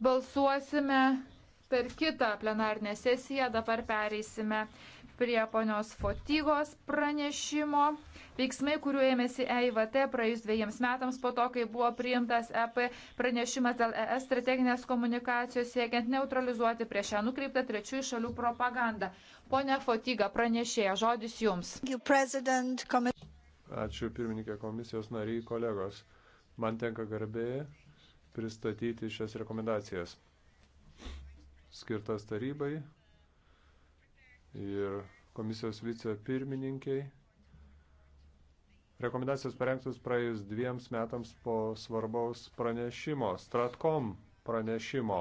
Balsuosime per kitą plenarnę sesiją. Dabar pereisime prie ponios Fotygos pranešimo. Veiksmai, kuriuo ėmėsi EIVT praėjus dviejiems metams po to, kai buvo priimtas EP pranešimas dėl ES strateginės komunikacijos siekiant neutralizuoti prieš ją nukreiptą trečiųjų šalių propagandą. Pone Fotyga, pranešėja, žodis jums. Ačiū pirmininkė komisijos nariai, kolegos. Man tenka garbė pristatyti šias rekomendacijas skirtas tarybai ir komisijos vicepirmininkiai. Rekomendacijos parengtos praėjus dviems metams po svarbaus pranešimo, Stratkom pranešimo,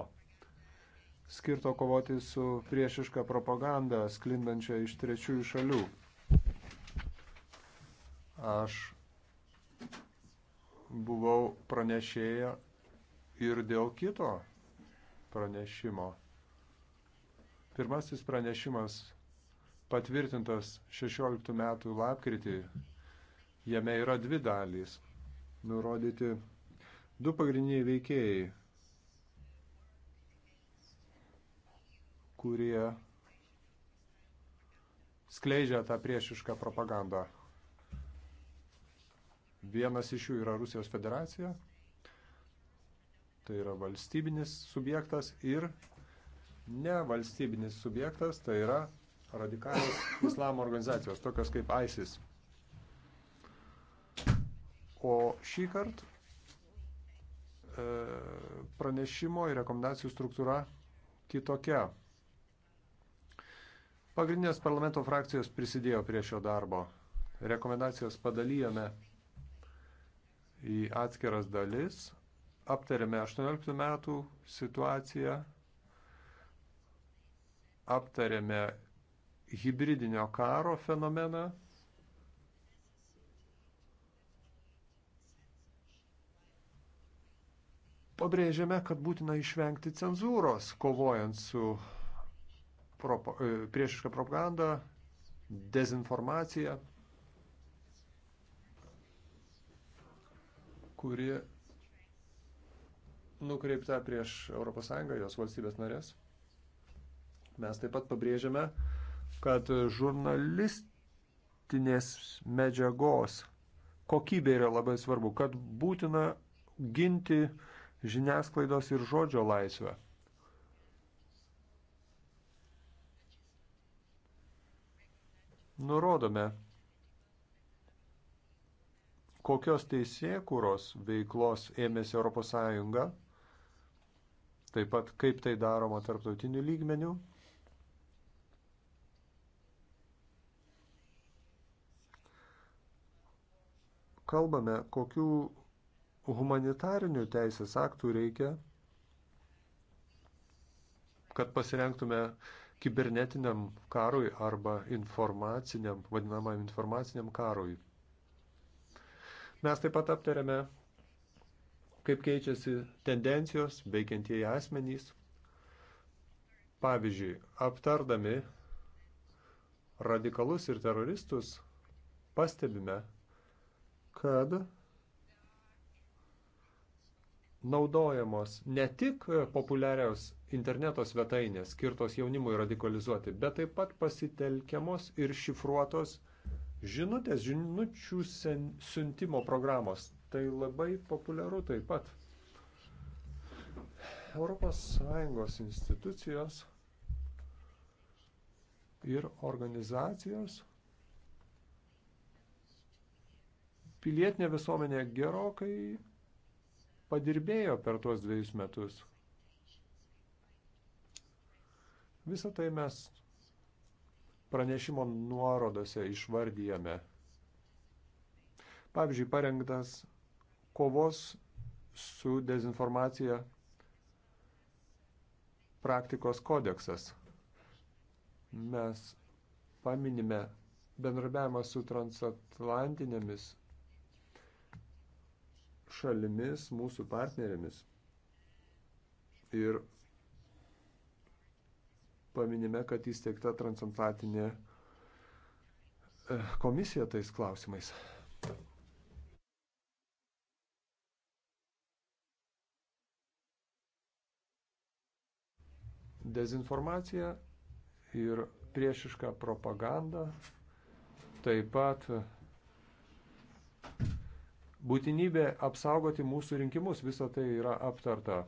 skirto kovoti su priešiška propaganda sklindančia iš trečiųjų šalių. Aš buvau pranešėja ir dėl kito pranešimo. Pirmasis pranešimas patvirtintas 16 metų lapkritį. Jame yra dvi dalys. Nurodyti du pagrindiniai veikėjai, kurie skleidžia tą priešišką propagandą. Vienas iš jų yra Rusijos federacija, tai yra valstybinis subjektas ir nevalstybinis subjektas, tai yra radikalios islamo organizacijos, tokios kaip ISIS. O šį kartą e, pranešimo ir rekomendacijų struktūra kitokia. Pagrindinės parlamento frakcijos prisidėjo prie šio darbo. Rekomendacijos padalyjame į atskiras dalis aptarėme 18 metų situaciją, aptarėme hybridinio karo fenomeną, pabrėžėme, kad būtina išvengti cenzūros, kovojant su propo, e, priešiška propaganda, dezinformacija, kuri nukreipta prieš ES, jos valstybės narės. Mes taip pat pabrėžiame, kad žurnalistinės medžiagos kokybė yra labai svarbu, kad būtina ginti žiniasklaidos ir žodžio laisvę. Nurodome, kokios teisėkūros veiklos ėmėsi ES taip pat kaip tai daroma tarptautiniu lygmeniu. Kalbame, kokių humanitarinių teisės aktų reikia, kad pasirengtume kibernetiniam karui arba informaciniam, vadinamam informaciniam karui. Mes taip pat aptarėme kaip keičiasi tendencijos veikiantieji asmenys. Pavyzdžiui, aptardami radikalus ir teroristus, pastebime, kad naudojamos ne tik populiarios interneto svetainės skirtos jaunimui radikalizuoti, bet taip pat pasitelkiamos ir šifruotos žinutės, žinučių siuntimo programos. Tai labai populiaru taip pat. ES institucijos ir organizacijos pilietinė visuomenė gerokai padirbėjo per tuos dviejus metus. Visą tai mes pranešimo nuorodose išvardyjame. Pavyzdžiui, parengtas kovos su dezinformacija praktikos kodeksas. Mes paminime bendrabiavimą su transatlantinėmis šalimis, mūsų partnerėmis. Ir paminime, kad įsteigta transatlantinė eh, komisija tais klausimais. dezinformaciją ir priešišką propagandą, taip pat būtinybė apsaugoti mūsų rinkimus, visa tai yra aptarta.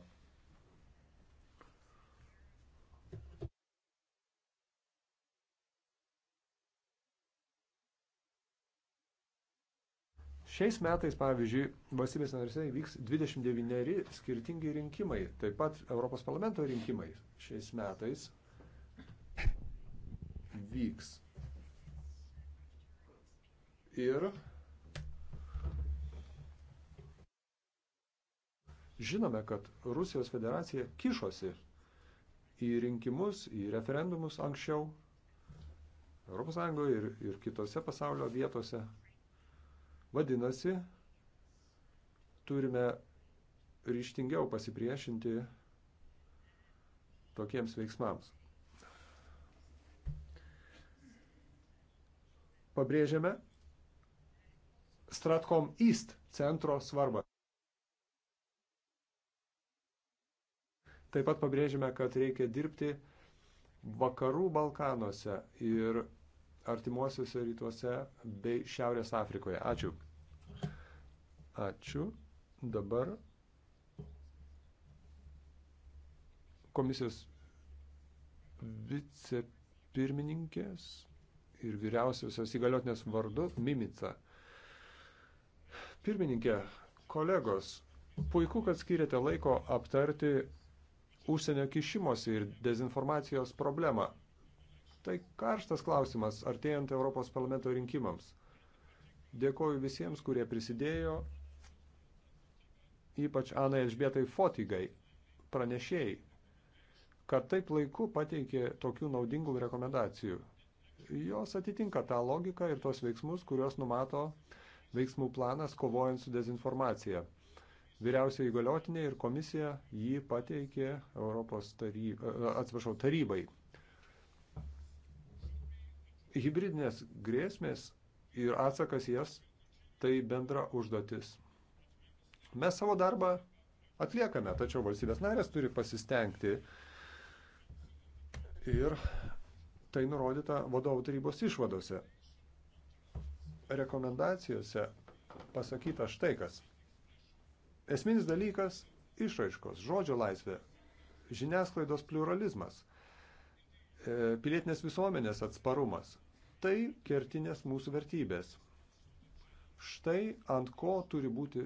Šiais metais, pavyzdžiui, valstybės narėse vyks 29 skirtingi rinkimai, taip pat Europos parlamento rinkimai šiais metais vyks. Ir žinome, kad Rusijos federacija kišosi į rinkimus, į referendumus anksčiau ES ir, ir kitose pasaulio vietose Vadinasi, turime ryštingiau pasipriešinti tokiems veiksmams. Pabrėžiame Stratcom East centro svarbą. Taip pat pabrėžiame, kad reikia dirbti vakarų Balkanuose ir artimuosiuose rytuose bei Šiaurės Afrikoje. Ačiū. Ačiū. Dabar komisijos vicepirmininkės ir vyriausiosios įgaliotinės vardu Mimica. Pirmininkė, kolegos, puiku, kad skiriate laiko aptarti užsienio kišimosi ir dezinformacijos problemą. Tai karštas klausimas artėjant Europos parlamento rinkimams. Dėkoju visiems, kurie prisidėjo, ypač Anai Elžbietai Fotigai, pranešėjai, kad taip laiku pateikė tokių naudingų rekomendacijų. Jos atitinka tą logiką ir tos veiksmus, kuriuos numato veiksmų planas kovojant su dezinformacija. Vyriausiai įgaliotinė ir komisija jį pateikė Europos taryb... atsiprašau, tarybai. Hybridinės grėsmės ir atsakas jas tai bendra užduotis. Mes savo darbą atliekame, tačiau valstybės narės turi pasistengti ir tai nurodyta vadovų tarybos išvadose. Rekomendacijose pasakyta štai kas. Esminis dalykas - išraiškos, žodžio laisvė, žiniasklaidos pluralizmas, E, pilietinės visuomenės atsparumas. Tai kertinės mūsų vertybės. Štai ant ko turi būti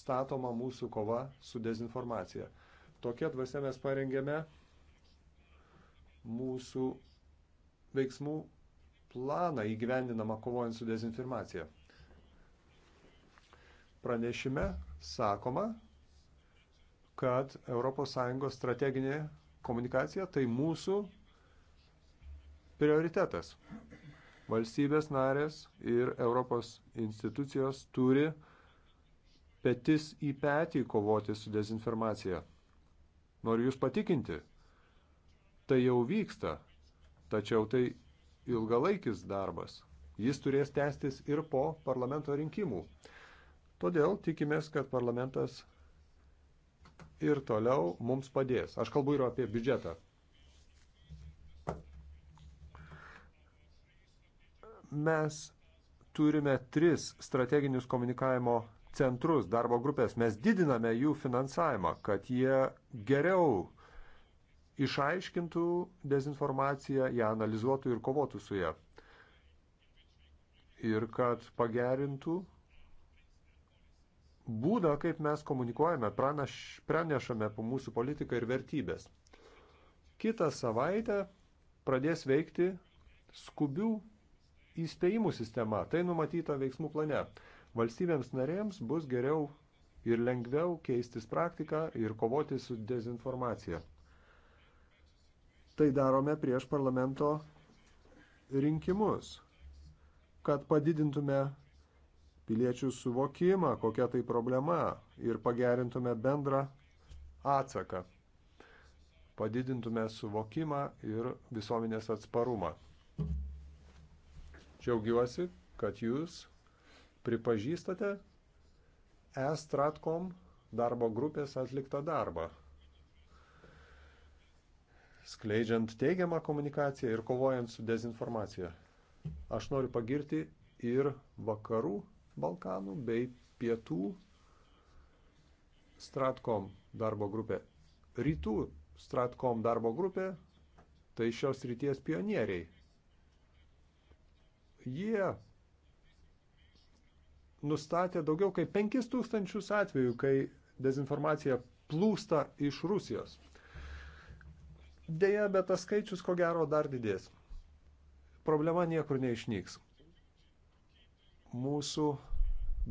statoma mūsų kova su dezinformacija. Tokia dvasia mes parengėme mūsų veiksmų planą įgyvendinamą kovojant su dezinformacija. Pranešime sakoma, kad ES strateginė komunikacija tai mūsų prioritetas. Valstybės narės ir Europos institucijos turi petis į petį kovoti su dezinformacija. Noriu Jūs patikinti, tai jau vyksta, tačiau tai ilgalaikis darbas. Jis turės tęstis ir po parlamento rinkimų. Todėl tikimės, kad parlamentas ir toliau mums padės. Aš kalbu ir apie biudžetą. Mes turime tris strateginius komunikavimo centrus, darbo grupės. Mes didiname jų finansavimą, kad jie geriau išaiškintų dezinformaciją, ją analizuotų ir kovotų su ją. Ir kad pagerintų būdą, kaip mes komunikuojame, pranaš, pranešame po mūsų politiką ir vertybės. Kitą savaitę pradės veikti skubių įspėjimų sistema. Tai numatyta veiksmų plane. Valstybėms narėms bus geriau ir lengviau keistis praktiką ir kovoti su dezinformacija. Tai darome prieš parlamento rinkimus, kad padidintume piliečių suvokimą, kokia tai problema ir pagerintume bendrą atsaką, padidintume suvokimą ir visuomenės atsparumą. Džiaugiuosi, kad jūs pripažįstate e-stratkom darbo grupės atliktą darbą, skleidžiant teigiamą komunikaciją ir kovojant su dezinformacija. Aš noriu pagirti ir vakarų Balkanų bei pietų Stratkom darbo grupė. Rytų Stratkom darbo grupė tai šios ryties pionieriai jie nustatė daugiau kaip 5000 atvejų, kai dezinformacija plūsta iš Rusijos. Deja, bet tas skaičius ko gero dar didės. Problema niekur neišnyks. Mūsų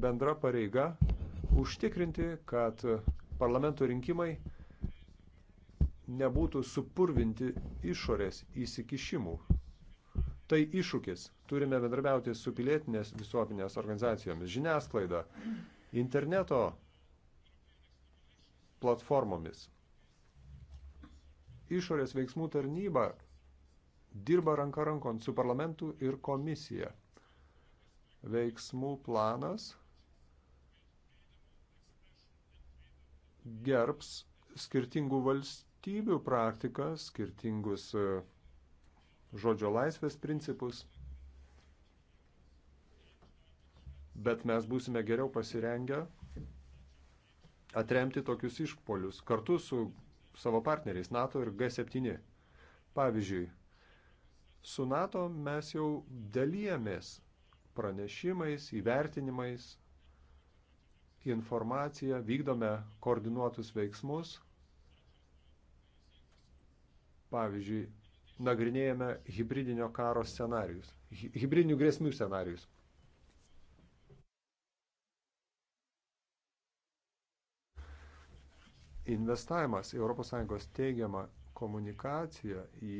bendra pareiga užtikrinti, kad parlamento rinkimai nebūtų supurvinti išorės įsikišimų. Tai iššūkis. Turime bendrabiauti su pilietinės visuomenės organizacijomis, žiniasklaida, interneto platformomis. Išorės veiksmų tarnyba dirba ranka rankon su parlamentu ir komisija. Veiksmų planas gerbs skirtingų valstybių praktiką, skirtingus uh, žodžio laisvės principus, bet mes būsime geriau pasirengę atremti tokius išpolius kartu su savo partneriais NATO ir G7. Pavyzdžiui, su NATO mes jau dalyjamės pranešimais, įvertinimais, informaciją, vykdome koordinuotus veiksmus. Pavyzdžiui, nagrinėjame hybridinio karo scenarius, hybridinių grėsmių scenarius. Investavimas į ES teigiamą komunikaciją, į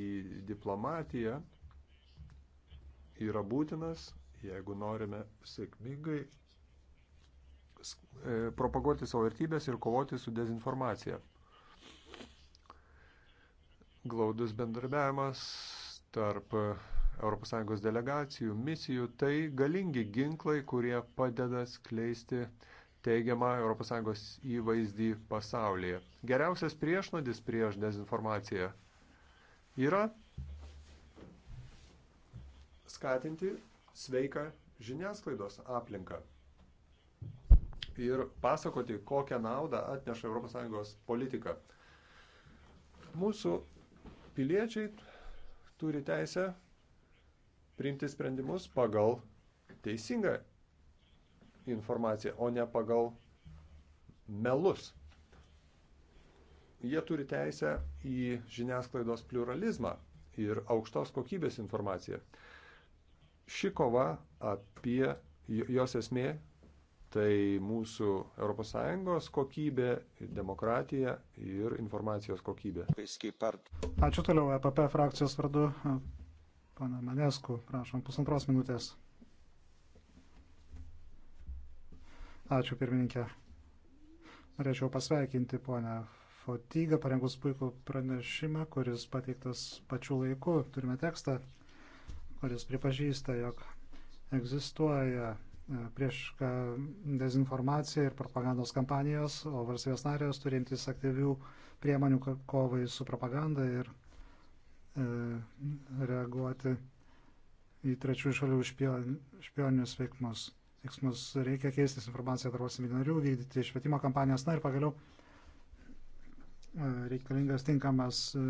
diplomatiją yra būtinas, jeigu norime sėkmingai e, propaguoti savo vertybės ir kovoti su dezinformacija glaudus bendradarbiavimas tarp ES delegacijų, misijų, tai galingi ginklai, kurie padeda skleisti teigiamą ES įvaizdį pasaulyje. Geriausias priešnodis prieš dezinformaciją yra skatinti sveiką žiniasklaidos aplinką ir pasakoti, kokią naudą atneša ES politika. Mūsų piliečiai turi teisę priimti sprendimus pagal teisingą informaciją, o ne pagal melus. Jie turi teisę į žiniasklaidos pluralizmą ir aukštos kokybės informaciją. Ši kova apie jos esmė tai mūsų ES kokybė, demokratija ir informacijos kokybė. Ačiū toliau, EPP frakcijos vardu. Pana Manesku, prašom, pusantros minutės. Ačiū pirmininkė. Norėčiau pasveikinti ponę Fotygą, parengus puikų pranešimą, kuris pateiktas pačiu laiku. Turime tekstą, kuris pripažįsta, jog egzistuoja prieš dezinformaciją ir propagandos kampanijos, o valstybės narės turintys aktyvių priemonių kovai su propaganda ir e, reaguoti į trečių šalių špion, špioninius veiksmus. Veiksmus reikia keistis informaciją tarp valstybių narių, vykdyti švietimo kampanijas, na ir pagaliau e, reikalingas tinkamas e,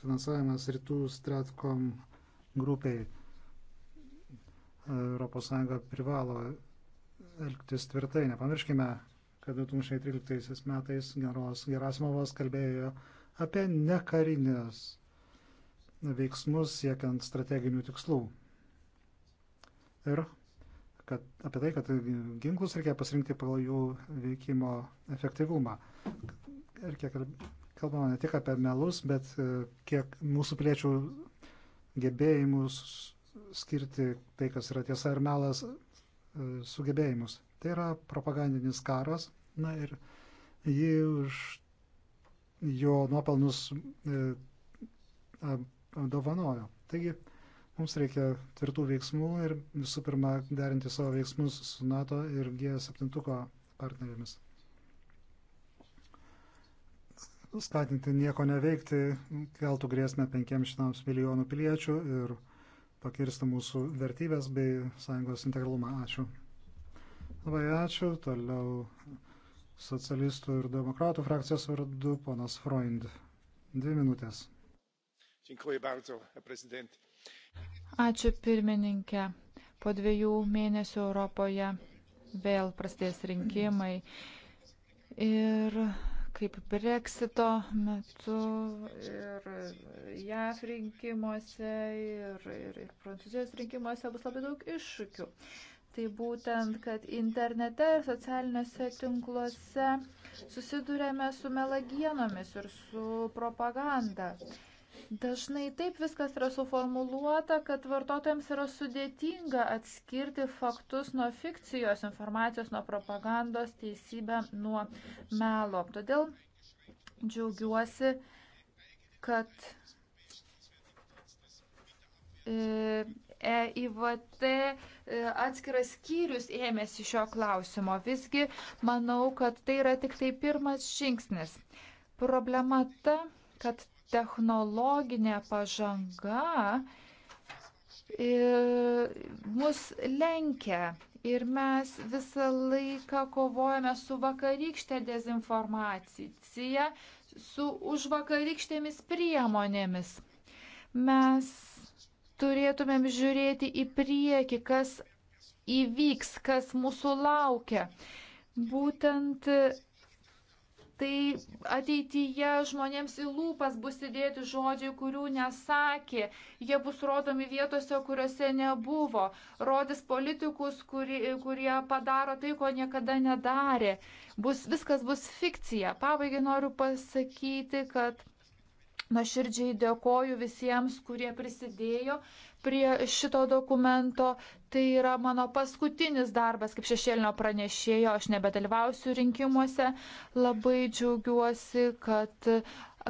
finansavimas rytų Stratcom grupiai ES privalo elgtis tvirtai. Nepamirškime, kad 2013 metais generolas Gerasimovas kalbėjo apie nekarinės veiksmus siekiant strateginių tikslų. Ir kad, apie tai, kad ginklus reikia pasirinkti pagal jų veikimo efektyvumą. Ir kiek kalbama ne tik apie melus, bet e, kiek mūsų piliečių gebėjimus skirti tai, kas yra tiesa ir melas, e, sugebėjimus. Tai yra propagandinis karas. Na ir jį už jo nuopelnus e, dovanojo. Taigi mums reikia tvirtų veiksmų ir visų pirma derinti savo veiksmus su NATO ir G7 partnerėmis. Skatinti nieko neveikti keltų grėsmę 500 milijonų piliečių ir pakirstų mūsų vertybės bei sąjungos integralumą. Ačiū. Labai ačiū. Toliau socialistų ir demokratų frakcijos vardu ponas Freund. Dvi minutės. Ačiū pirmininkė. Po dviejų mėnesių Europoje vėl prasidės rinkimai. Ir kaip Brexito metu ir JAF rinkimuose ir, ir, ir Prancūzijos rinkimuose bus labai daug iššūkių. Tai būtent, kad internete ir socialiniuose tinkluose susidurėme su melagienomis ir su propaganda. Dažnai taip viskas yra suformuluota, kad vartotojams yra sudėtinga atskirti faktus nuo fikcijos, informacijos nuo propagandos, teisybę nuo melo. Todėl džiaugiuosi, kad EIVT e e, atskiras skyrius ėmėsi šio klausimo. Visgi manau, kad tai yra tik tai pirmas žingsnis. Problema ta, kad technologinė pažanga e, mus lenkia. Ir mes visą laiką kovojame su vakarykštė dezinformacija, su užvakarykštėmis priemonėmis. Mes turėtumėm žiūrėti į priekį, kas įvyks, kas mūsų laukia. Būtent tai ateityje žmonėms į lūpas bus įdėti žodžiai, kurių nesakė. Jie bus rodomi vietose, kuriuose nebuvo. Rodys politikus, kurie, kurie padaro tai, ko niekada nedarė. Bus, viskas bus fikcija. Pabaigai noriu pasakyti, kad nuoširdžiai dėkoju visiems, kurie prisidėjo prie šito dokumento. Tai yra mano paskutinis darbas kaip šešėlinio pranešėjo, aš nebedalyvausiu rinkimuose. Labai džiaugiuosi, kad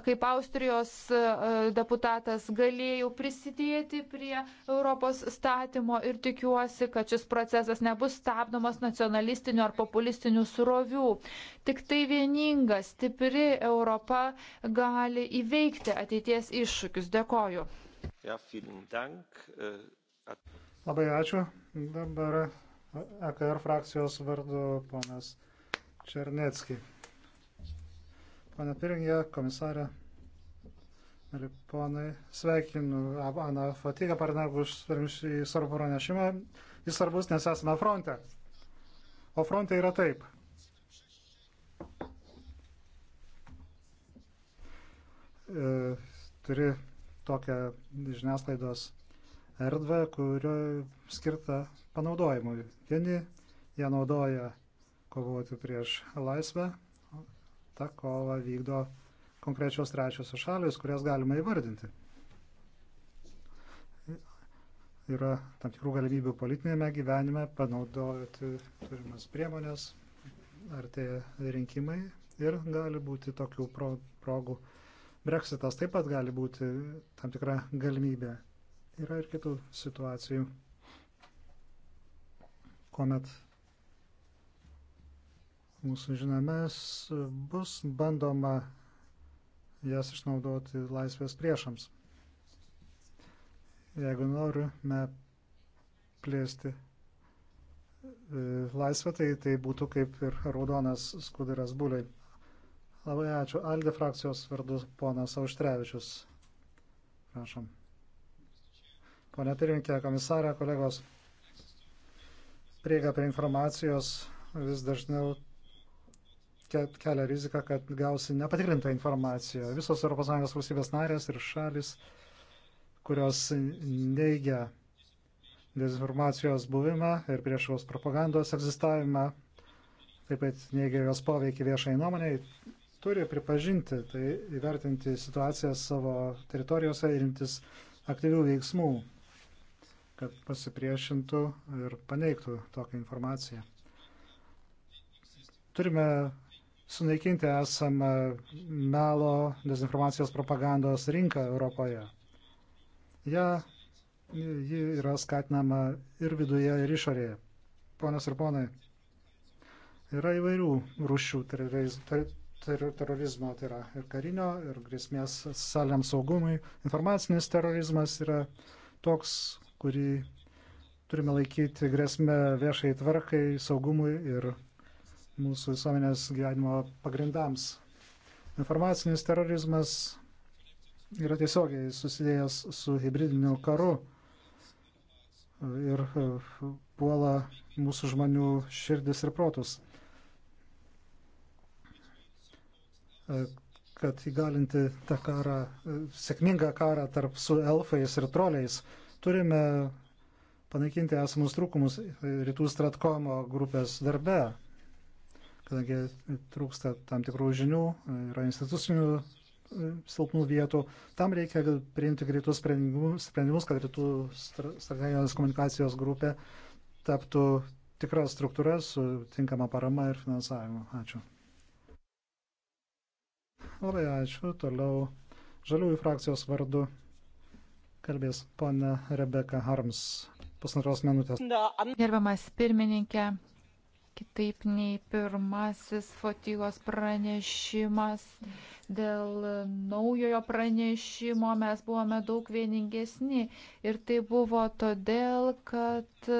kaip Austrijos e, deputatas galėjau prisidėti prie Europos statymo ir tikiuosi, kad šis procesas nebus stabdomas nacionalistinių ar populistinių surovių. Tik tai vieninga, stipri Europa gali įveikti ateities iššūkius. Dėkoju. Ja, Labai ačiū. Dabar AKR e frakcijos vardu ponas Černecki. Pane Piringė, komisarė, mėly ponai, sveikinu Aną Fatigą Parnagus šį svarbų pranešimą. Jis svarbus, nes esame fronte. O fronte yra taip. E, turi tokią žiniasklaidos erdvę, kurio skirta panaudojimui. Vieni ją naudoja kovoti prieš laisvę, ta kova vykdo konkrečios trečiosios šalis, kurias galima įvardinti. Yra tam tikrų galimybių politinėme gyvenime panaudoti turimas priemonės, artėja rinkimai ir gali būti tokių progų. Brexitas taip pat gali būti tam tikra galimybė Yra ir kitų situacijų, kuomet mūsų žiniomis bus bandoma jas išnaudoti laisvės priešams. Jeigu norime plėsti e, laisvę, tai tai būtų kaip ir raudonas skudiras būliai. Labai ačiū. Alde frakcijos vardu ponas Auštrevičius. Prašom. Pone pirminkė, komisarė, kolegos, prieiga prie informacijos vis dažniau kelia riziką, kad gausi nepatikrintą informaciją. Visos ES valstybės narės ir šalis, kurios neigia dezinformacijos buvimą ir priešaus propagandos egzistavimą, taip pat neigia jos poveikį viešai nuomoniai, turi pripažinti, tai įvertinti situaciją savo teritorijose ir imtis aktyvių veiksmų kad pasipriešintų ir paneigtų tokią informaciją. Turime sunaikinti esamą melo dezinformacijos propagandos rinką Europoje. Ja, ji yra skatinama ir viduje, ir išorėje. Ponios ir ponai, yra įvairių rušių terorizmo, tai yra ir karinio, ir grėsmės saliam saugumui. Informacinis terorizmas yra toks kurį turime laikyti grėsmę viešai tvarkai, saugumui ir mūsų visuomenės gyvenimo pagrindams. Informacinis terorizmas yra tiesiogiai susidėjęs su hybridiniu karu ir e, puola mūsų žmonių širdis ir protus. E, kad įgalinti tą karą, e, sėkmingą karą tarp su elfais ir troliais, turime panaikinti esamus trūkumus rytų stratkomo grupės darbe, kadangi trūksta tam tikrų žinių, yra institucinių e, silpnų vietų. Tam reikia priimti greitus sprendimus, kad rytų strateginės komunikacijos grupė taptų tikra struktūra su tinkama parama ir finansavimu. Ačiū. Labai ačiū. Toliau žaliųjų frakcijos vardu kalbės pana Rebeka Harms. Pusantros minutės. Gerbiamas pirmininkė, kitaip nei pirmasis Fotygos pranešimas. Dėl naujojo pranešimo mes buvome daug vieningesni ir tai buvo todėl, kad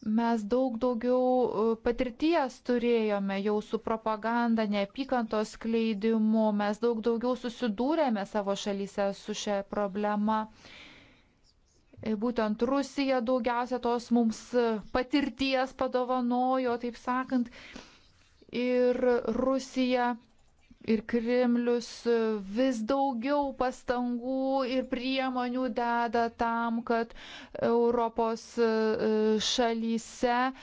mes daug daugiau e, patirties turėjome jau su propaganda, neapykantos kleidimu, mes daug daugiau susidūrėme savo šalyse su šia problema. E, būtent Rusija daugiausia tos mums e, patirties padovanojo, taip sakant. Ir Rusija ir Kremlius vis daugiau pastangų ir priemonių deda tam, kad Europos e, šalyse e,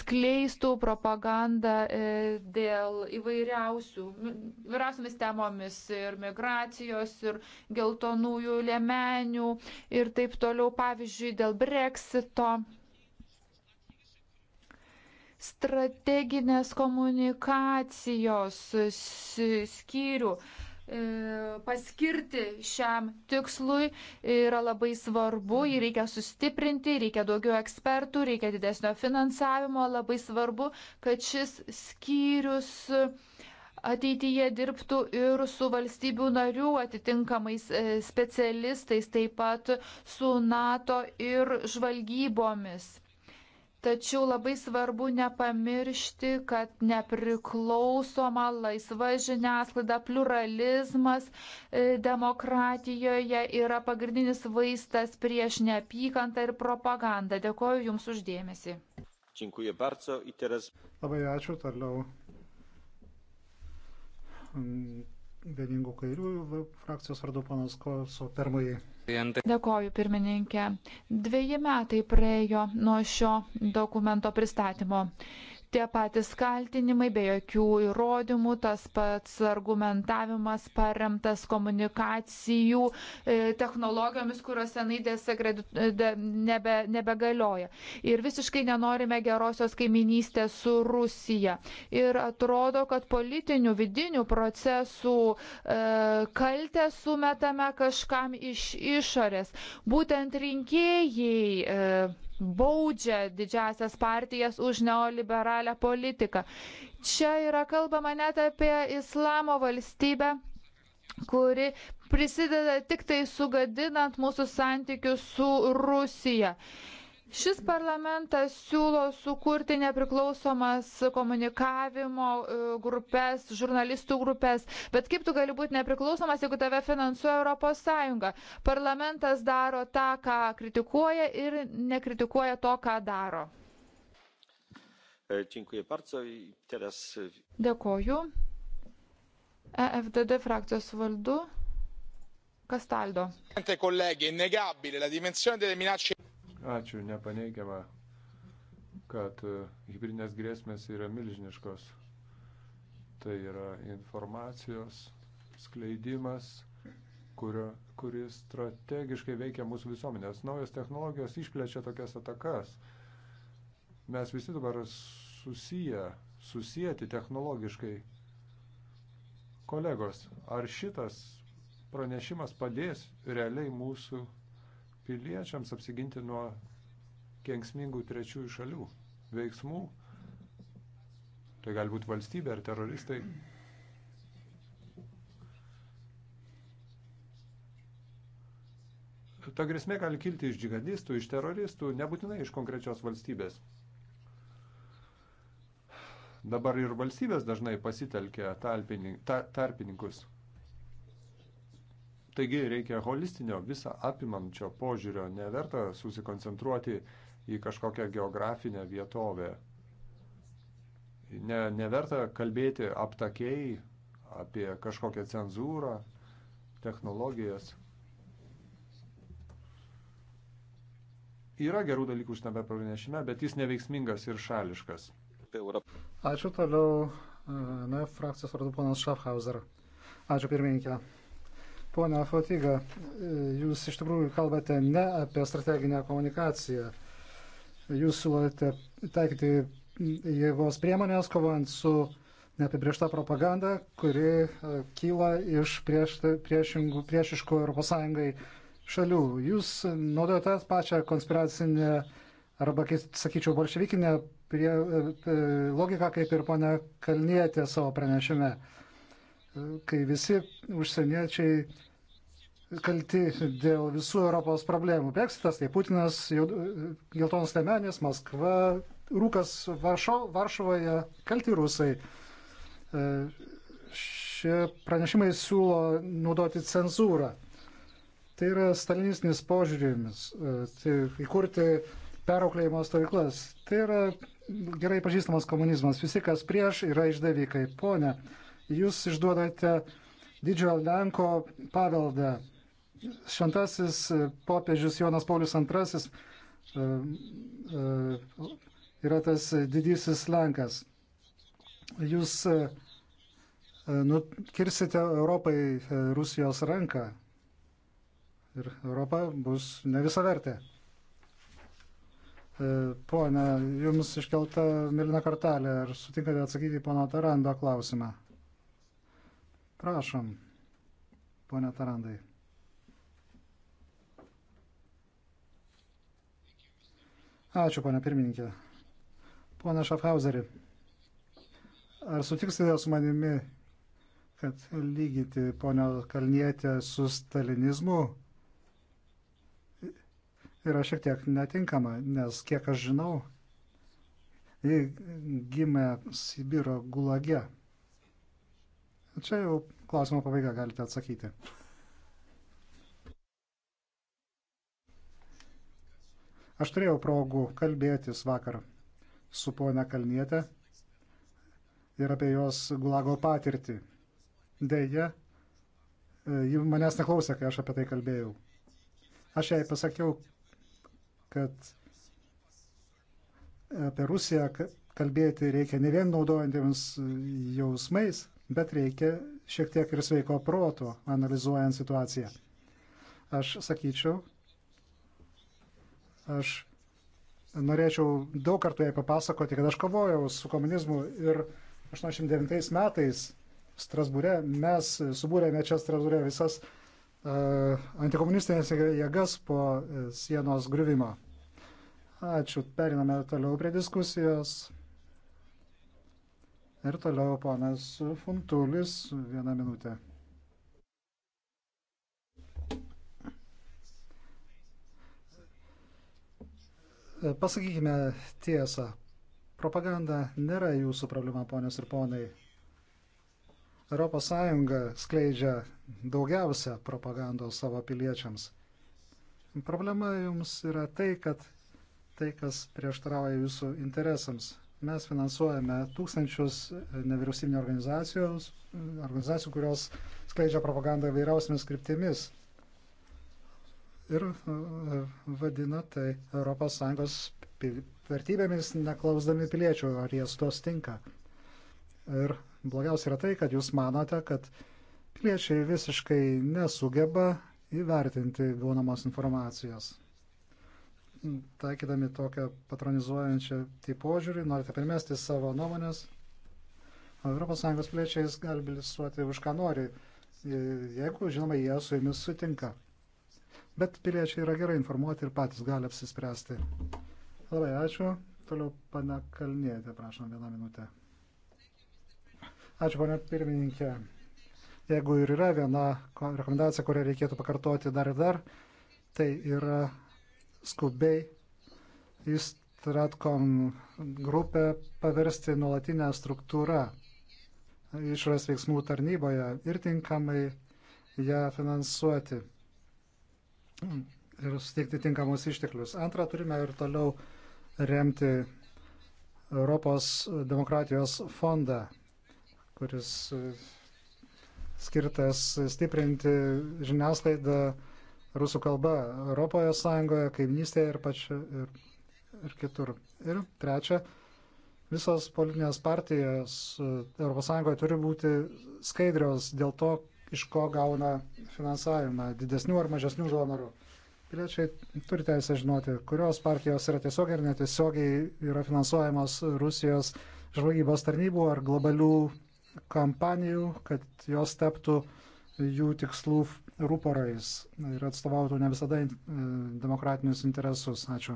skleistų propagandą e, dėl įvairiausių, įvairiausiamis temomis ir migracijos, ir geltonųjų lėmenių, ir taip toliau, pavyzdžiui, dėl breksito strateginės komunikacijos skyrių e, paskirti šiam tikslui yra labai svarbu, jį reikia sustiprinti, reikia daugiau ekspertų, reikia didesnio finansavimo, labai svarbu, kad šis skyrius ateityje dirbtų ir su valstybių narių atitinkamais e, specialistais, taip pat su NATO ir žvalgybomis. Tačiau labai svarbu nepamiršti, kad nepriklausoma laisva žiniasklaida, pluralizmas e, demokratijoje yra pagrindinis vaistas prieš neapykantą ir propagandą. Dėkoju Jums uždėmesi. Labai ačiū toliau mm, vieningų kairiųjų frakcijos vardu panas Koso pirmąjį. Dėkoju, pirmininkė. Dveji metai praėjo nuo šio dokumento pristatymo tie patys kaltinimai be jokių įrodymų, tas pats argumentavimas paremtas komunikacijų e, technologijomis, kurios senai nebe, nebegalioja. Ir visiškai nenorime gerosios kaiminystės su Rusija. Ir atrodo, kad politinių vidinių procesų e, kaltę sumetame kažkam iš išorės. Būtent rinkėjai e, baudžia didžiasias partijas už neoliberalią politiką. Čia yra kalbama net apie islamo valstybę kuri prisideda tik tai sugadinant mūsų santykius su Rusija. Šis parlamentas siūlo sukurti nepriklausomas komunikavimo e, grupės, žurnalistų grupės. Bet kaip tu gali būti nepriklausomas, jeigu tave finansuoja ES? Parlamentas daro tą, ką kritikuoja ir nekritikuoja to, ką daro. E, e, Dėkoju. EFDD frakcijos valdu. Castaldo. Colleghi, è innegabile la dimensione delle minacce Ačiū, nepaneigiama, kad e, hybridinės grėsmės yra milžiniškos. Tai yra informacijos skleidimas, kurio, kuris strategiškai veikia mūsų visuomenės. Naujos technologijos išplečia tokias atakas. Mes visi dabar susiję, susijęti technologiškai. Kolegos, ar šitas pranešimas padės realiai mūsų piliečiams apsiginti nuo kenksmingų trečiųjų šalių veiksmų. Tai gali būti valstybė ar teroristai. Ta grėsmė gali kilti iš džihadistų, iš teroristų, nebūtinai iš konkrečios valstybės. Dabar ir valstybės dažnai pasitelkia tarpininkus. Taigi reikia holistinio, visą apimančio požiūrio, neverta susikoncentruoti į kažkokią geografinę vietovę. Ne, neverta kalbėti aptakiai apie kažkokią cenzūrą, technologijas. Yra gerų dalykų šitame pranešime, bet jis neveiksmingas ir šališkas. Ačiū toliau, e, NF frakcijos vardu ponas Schaffhauser. Ačiū pirmininkė. Pone Fotiga, jūs iš tikrųjų kalbate ne apie strateginę komunikaciją. Jūs siūlote taikyti jėgos priemonės, kovojant su neapibriešta propaganda, kuri e, kyla iš prieš, priešingų, priešiškų ES šalių. Jūs naudojate pačią konspiracinę arba, kaip sakyčiau, bolševikinę prie, e, e, logiką, kaip ir ponia Kalnietė savo pranešime kai visi užsieniečiai kalti dėl visų Europos problemų. Brexitas, tai Putinas, Geltonas Lemenis, Maskva, Rūkas Varšo, Varšuvoje, kalti rusai. E, šie pranešimai siūlo naudoti cenzūrą. Tai yra stalinistinis požiūrėjimas, e, tai įkurti perauklėjimo stovyklas. Tai yra gerai pažįstamas komunizmas. Visi, kas prieš, yra išdavikai. Pone, jūs išduodate didžiojo Lenko paveldą. Šventasis popiežius Jonas Paulius II e, e, yra tas didysis Lenkas. Jūs e, nukirsite Europai Rusijos ranką ir Europa bus ne visavertė. Pone, jums iškelta milina kartelė. Ar sutinkate atsakyti į pono Tarando klausimą? Prašom, ponia Tarandai. Ačiū, ponia pirmininkė. Pone Šafhauzeri, ar sutiksite su manimi, kad lygyti ponio Kalnietę su stalinizmu yra šiek tiek netinkama, nes kiek aš žinau, ji gimė Sibiro gulage. Čia jau klausimo pabaiga galite atsakyti. Aš turėjau progų kalbėtis vakar su ponia Kalnietė ir apie jos gulago patirtį. Deja, e, ji manęs neklausė, kai aš apie tai kalbėjau. Aš jai pasakiau, kad apie Rusiją kalbėti reikia ne vien naudojantiems jausmais, bet reikia šiek tiek ir sveiko proto, analizuojant situaciją. Aš sakyčiau, aš norėčiau daug kartų jai papasakoti, kad aš kovojau su komunizmu ir 89 metais Strasbūre mes subūrėme čia Strasbūre visas uh, antikomunistinės jėgas po sienos griuvimo. Ačiū, periname toliau prie diskusijos. Ir toliau ponas Funtulis, vieną minutę. Pasakykime tiesą. Propaganda nėra jūsų problema, ponios ir ponai. ES skleidžia daugiausia propagandos savo piliečiams. Problema jums yra tai, kad tai, kas prieštarauja jūsų interesams. Mes finansuojame tūkstančius e, nevyriausybinio organizacijos, organizacijų, kurios skleidžia propagandą vairiausiamis kryptimis. Ir e, e, vadina tai ES vertybėmis, neklausdami piliečių, ar jie su to stinka. Ir blogiausia yra tai, kad jūs manote, kad piliečiai visiškai nesugeba įvertinti gaunamos informacijos taikydami tokią patronizuojančią tai požiūrį, norite primesti savo nuomonės. ES piliečiais gali balsuoti už ką nori, jeigu, žinoma, jie su jumis sutinka. Bet piliečiai yra gerai informuoti ir patys gali apsispręsti. Labai ačiū. Toliau pana Kalnėtė, prašom, vieną minutę. Ačiū, pana pirmininkė. Jeigu ir yra viena rekomendacija, kurią reikėtų pakartoti dar ir dar, tai yra skubiai Stratcom grupę paversti nuolatinę struktūrą išorės veiksmų tarnyboje ir tinkamai ją finansuoti ir suteikti tinkamus išteklius. Antra, turime ir toliau remti Europos demokratijos fondą, kuris skirtas stiprinti žiniasklaidą rusų kalba Europoje sąjungoje, kaimynystėje ir, pač, ir, ir kitur. Ir trečia, visos politinės partijos ES turi būti skaidrios dėl to, iš ko gauna finansavimą, didesnių ar mažesnių donorų. Piliečiai turi teisę žinoti, kurios partijos yra tiesiogiai ir netiesiogiai yra finansuojamos Rusijos žvalgybos tarnybų ar globalių kampanijų, kad jos taptų jų tikslų ruporais ir atstovautų ne visada e, demokratinius interesus. Ačiū.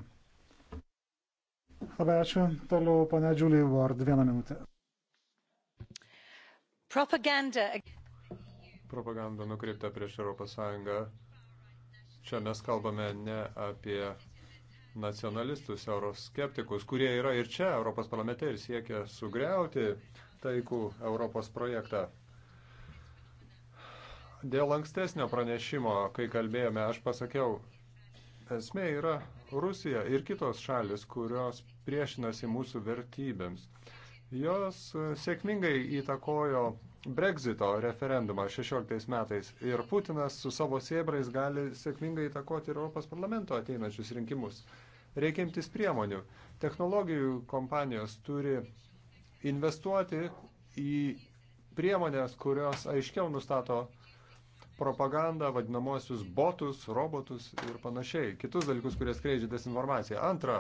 Labai ačiū. Toliau ponia Julie Ward, vieną minutę. Propaganda. Propaganda nukreipta prieš ES. Čia mes kalbame ne apie nacionalistus, euroskeptikus, kurie yra ir čia, Europos parlamente, ir siekia sugriauti taikų Europos projektą. Dėl ankstesnio pranešimo, kai kalbėjome, aš pasakiau, esmė yra Rusija ir kitos šalis, kurios priešinasi mūsų vertybėms. Jos e, sėkmingai įtakojo Brexito referendumą 16 metais ir Putinas su savo siebrais gali sėkmingai įtakoti Europos parlamento ateinačius rinkimus. Reikiantis priemonių. Technologijų kompanijos turi investuoti į priemonės, kurios aiškiau nustato propagandą, vadinamosius botus, robotus ir panašiai, kitus dalykus, kurie skleidžia desinformaciją. Antra,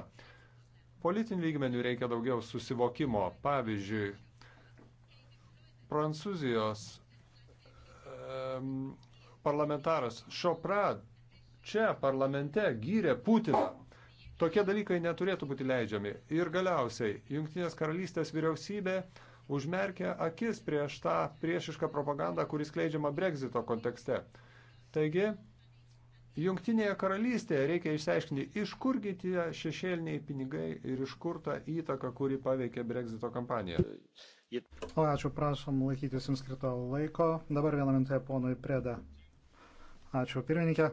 politinį lygmenių reikia daugiau susivokimo. Pavyzdžiui, Prancūzijos um, parlamentaras Šopra čia parlamente gyrė Putiną. Tokie dalykai neturėtų būti leidžiami. Ir galiausiai, Junktinės karalystės vyriausybė uh, užmerkia akis prieš tą priešišką propagandą, kuris kleidžiama Brexito kontekste. Taigi, Jungtinėje karalystėje reikia išsiaiškinti, iš kurgi tie šešėliniai pinigai ir iš kur ta įtaka, kuri paveikė Brexito kampaniją. O ačiū, prašom laikytis jums skirto laiko. Dabar vieną minutę ponui Preda. Ačiū, pirmininkė.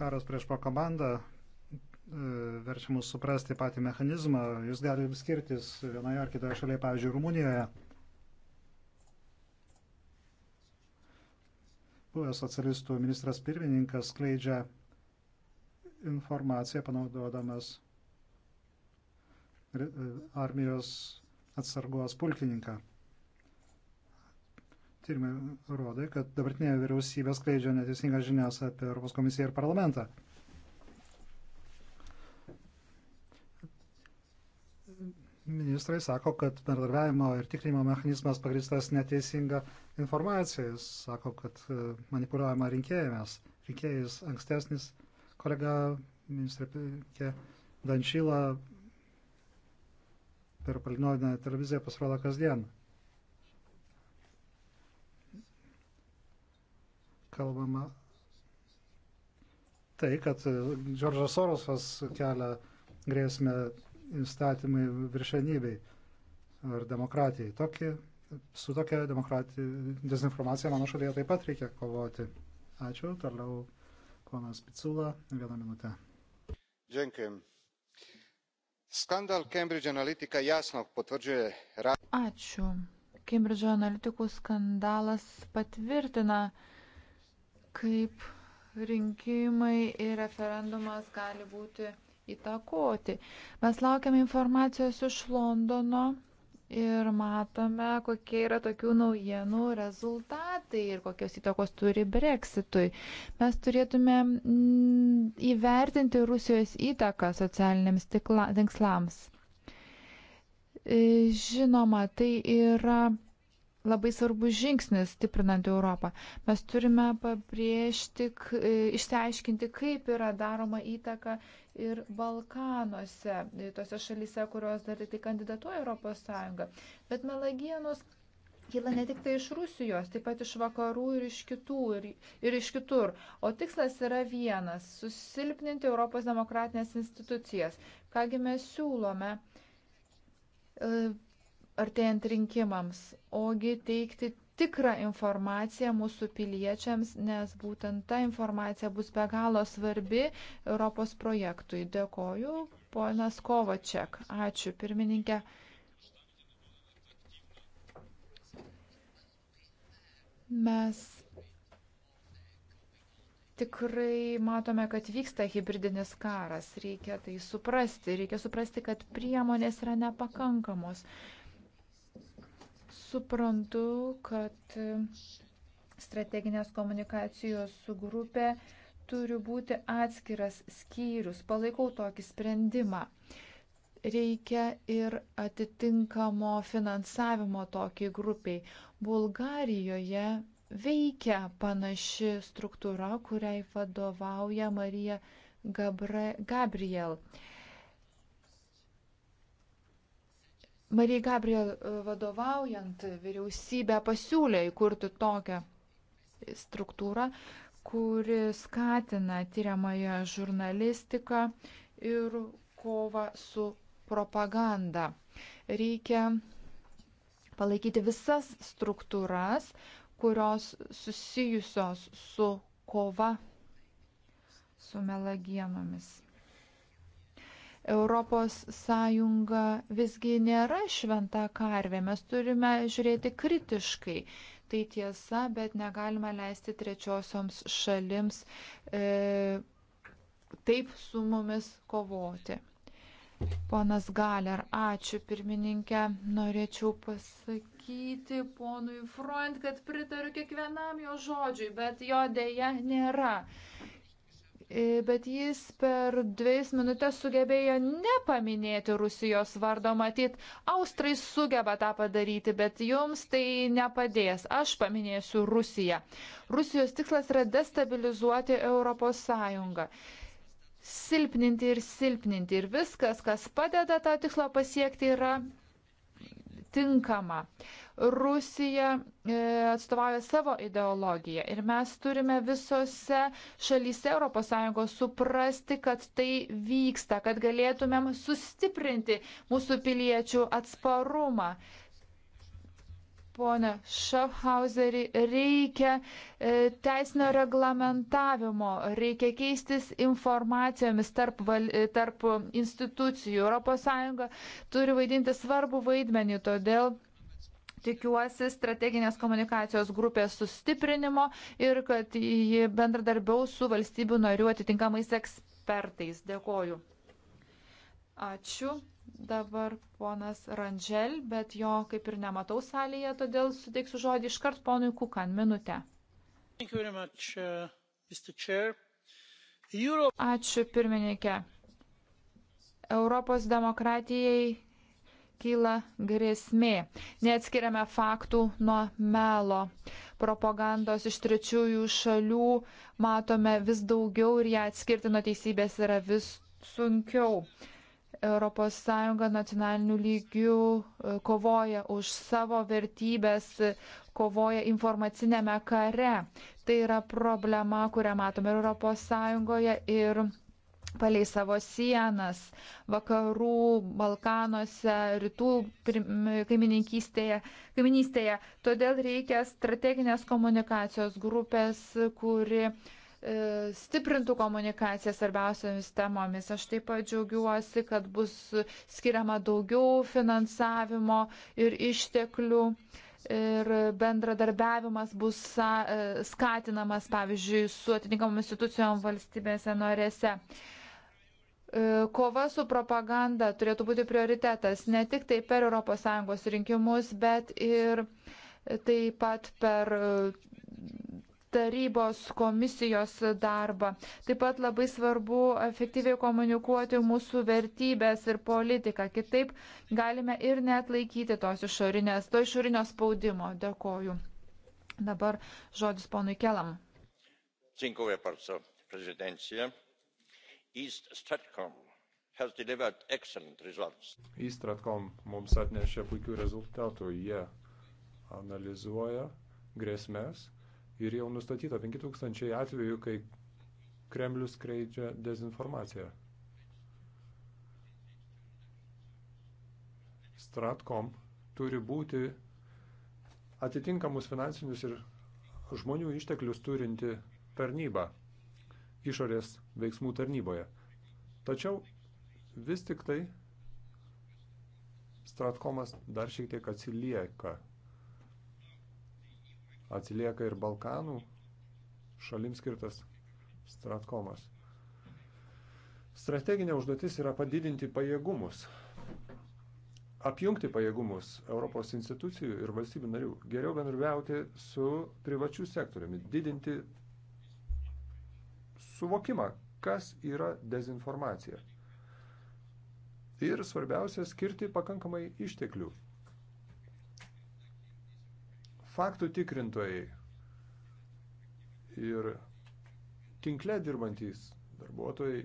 Karas prieš propagandą E, verčia mus suprasti patį mechanizmą, jis gali skirtis vienoje ar kitoje šalyje, pavyzdžiui, Rumunijoje. Buvęs socialistų ministras pirmininkas skleidžia informaciją panaudodamas e, armijos atsargos pulkininką. Tyrimai rodo, kad dabartinė vyriausybė skleidžia neteisingas žinias apie Europos komisiją ir parlamentą. ministrai sako, kad bendradarbiavimo ir tikrinimo mechanizmas pagristas neteisinga informacija. Jis sako, kad e, manipuliuojama rinkėjams. Rinkėjas ankstesnis kolega ministrė Dančyla per palinovinę televiziją pasirodo kasdien. Kalbama tai, kad e, Džordžas Sorosas kelia grėsmę įstatymai viršenybei ar demokratijai. Tokį, su tokia dezinformacija mano šalyje taip pat reikia kovoti. Ačiū. Toliau ponas Picula. Vieną minutę. Dziękujem. Skandal Cambridge Analytica jasno potvrđuje... Ačiū. Cambridge analitikų skandalas patvirtina, kaip rinkimai ir referendumas gali būti įtakoti. Mes laukiam informacijos iš Londono ir matome, kokie yra tokių naujienų rezultatai ir kokios įtakos turi breksitui. Mes turėtume mm, įvertinti Rusijos įtaką socialiniams tikslams. E, žinoma, tai yra labai svarbus žingsnis stiprinant Europą. Mes turime pabrėžti, e, išsiaiškinti, kaip yra daroma įtaka ir Balkanuose, e, tose šalyse, kurios dar tik kandidatuoja Europos Sąjungą. Bet melagienos kyla ne tik tai iš Rusijos, taip pat iš vakarų ir iš, kitų, ir, ir iš kitur. O tikslas yra vienas - susilpninti Europos demokratinės institucijas. Kągi mes siūlome? E, artėjant rinkimams, ogi teikti tikrą informaciją mūsų piliečiams, nes būtent ta informacija bus be galo svarbi Europos projektui. Dėkoju, ponas Kovačiak. Ačiū, pirmininkė. Mes tikrai matome, kad vyksta hybridinis karas. Reikia tai suprasti. Reikia suprasti, kad priemonės yra nepakankamos. Suprantu, kad e, strateginės komunikacijos grupė turi būti atskiras skyrius. Palaikau tokį sprendimą. Reikia ir atitinkamo finansavimo tokiai grupiai. Bulgarijoje veikia panaši struktūra, kuriai vadovauja Marija Gabriel. Marijai Gabriel e, vadovaujant vyriausybė pasiūlė įkurti tokią struktūrą, kuri skatina tyriamąją žurnalistiką ir kovą su propaganda. Reikia palaikyti visas struktūras, kurios susijusios su kova su melagienomis. ES visgi nėra šventa karvė, mes turime žiūrėti kritiškai. Tai tiesa, bet negalime leisti trečiosioms šalims e, taip su mumis kovoti. Ponas Galer, ačiū pirmininkė. Norėčiau pasakyti ponui Freund, kad pritariu kiekvienam jo žodžiui, bet jo dėja nėra. E, bet jis per dvies minutės sugebėjo nepaminėti Rusijos vardo. Matyt, Austrai sugeba tą padaryti, bet jums tai nepadės. Aš paminėsiu Rusiją. Rusijos tikslas yra destabilizuoti ES. Silpninti ir silpninti. Ir viskas, kas padeda tą tikslą pasiekti, yra tinkama. Rusija e, atstovauja savo ideologiją ir mes turime visose šalyse ES suprasti, kad tai vyksta, kad galėtumėm sustiprinti mūsų piliečių atsparumą. Pone Schaffhauserį, reikia e, teisinio reglamentavimo, reikia keistis informacijomis tarp, val, e, tarp institucijų. ES turi vaidinti svarbų vaidmenį, todėl tikiuosi strateginės komunikacijos grupės sustiprinimo ir kad ji bendradarbiaus su valstybių narių atitinkamais ekspertais. Dėkoju. Ačiū. Dabar ponas Randžel, bet jo kaip ir nematau salėje, todėl suteiksiu žodį iškart ponui Kukan. Minutę. Much, uh, Euro... Ačiū pirmininkė. Europos demokratijai kyla grėsmė. Neatskiriame faktų nuo melo. Propagandos iš trečiųjų šalių matome vis daugiau ir ją atskirti nuo teisybės yra vis sunkiau. ES nacionaliniu lygiu e, kovoja už savo vertybės, kovoja informacinėme kare. Tai yra problema, kurią matome ir ES, ir palei savo sienas, vakarų, Balkanuose, rytų kaiminystėje, kaiminystėje. Todėl reikia strateginės komunikacijos grupės, kuri e, stiprintų komunikaciją svarbiausiamis temomis. Aš taip pat džiaugiuosi, kad bus skiriama daugiau finansavimo ir išteklių ir bendradarbiavimas bus e, skatinamas, pavyzdžiui, su atitinkamom institucijom valstybėse norėse. E, kova su propaganda turėtų būti prioritetas ne tik tai per ES rinkimus, bet ir taip pat per e, tarybos komisijos darbą. Taip pat labai svarbu efektyviai komunikuoti mūsų vertybės ir politiką. Kitaip galime ir net laikyti tos išorinės, to išorinio spaudimo. Dėkoju. Dabar žodis ponui Kelam. Dziękuję bardzo prezydencję. East Stratcom has delivered excellent results. East Stratcom mums atnešė puikių rezultatų. Jie analizuoja grėsmės ir jau nustatyta 5000 atvejų, kai Kremlius kreidžia dezinformaciją. Stratcom turi būti atitinkamus finansinius ir žmonių išteklius turinti tarnyba išorės veiksmų tarnyboje. Tačiau vis tik tai Stratkomas dar šiek tiek atsilieka. Atsilieka ir Balkanų šalims skirtas Stratkomas. Strateginė užduotis yra padidinti pajėgumus, apjungti pajėgumus Europos institucijų ir valstybių narių, geriau bendradarbiauti su privačiu sektoriumi, didinti suvokimą, kas yra dezinformacija. Ir svarbiausia, skirti pakankamai išteklių. Faktų tikrintojai ir tinkle dirbantys darbuotojai